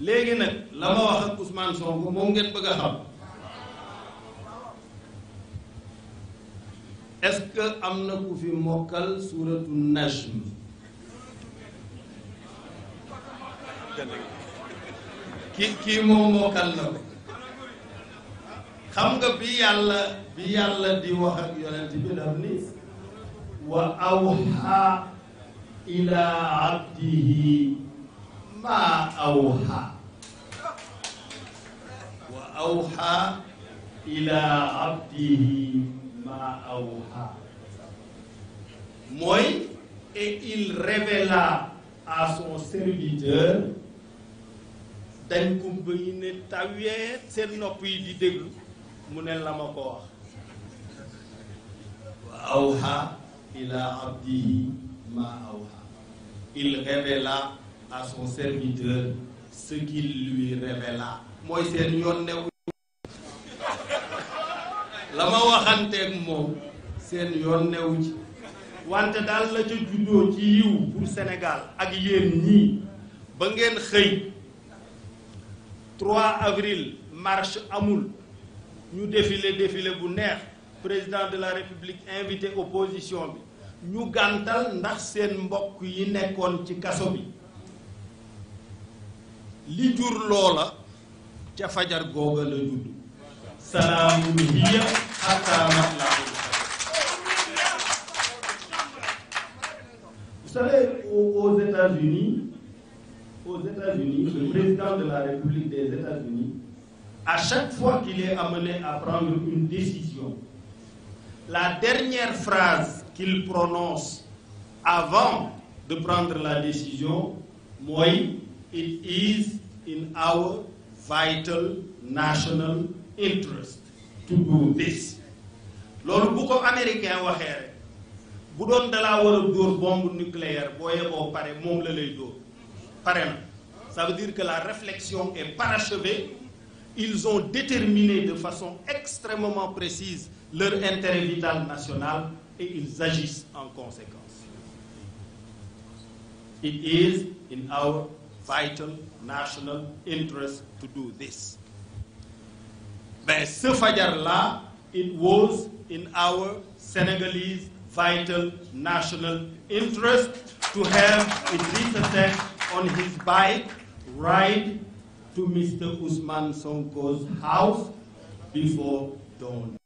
léegi nag la ma wax ak Ousmane Sonko moom ngeen bëgg a xam est am na ku fi mokkal suuratu najm ki kii moom mokkal na ko xam nga bi yàlla bi yàlla di wax ak yonent bi daf ni wa awha ila abdihi ما أوحى وأوحى إلى عبده ما أوحى موي et il révéla à son serviteur dañ kumpa yi ne tawee seen nopp di déglu mu ne la ma ko wax wa awha ila abdihi ma awha il révéla à son serviteur ce qu'il révéla mooy seen yoon newu la ma waxanteeg moom seen yoon newu ci wante daal la ca juddoo ci yiw pour Sénégal ak yéen ñii ba ngeen xëy 3 avril marche amul ñu défilé défilé bu neex président de la république invité opposition bi ñu gàntal ndax seen mbokk yi nekkoon ci kaso bi li jur loola ca fajar googa la judd salaamun hiya hatta matla'il Vous savez, aux États-Unis, aux États-Unis, le président de la République des États-Unis, à chaque fois qu'il est amené à prendre une décision, la dernière phrase qu'il prononce avant de prendre la décision, moi, It is in our vital national interest to do this. loolu bu ko américain waxee bu doon dalaa war a dóor nucléaire boo yeboo pare moom la lay dóor pare na ça veut dire que la réflexion est parachevée ils ont déterminé de façon extrêmement précise leur intérêt vital national et ils agissent en conséquence it is in our vital national interest to do this. By in our Senegalese vital national interest to have Idrissa Seck on his bike ride to Mr. Ousmane Sonko's house before dawn.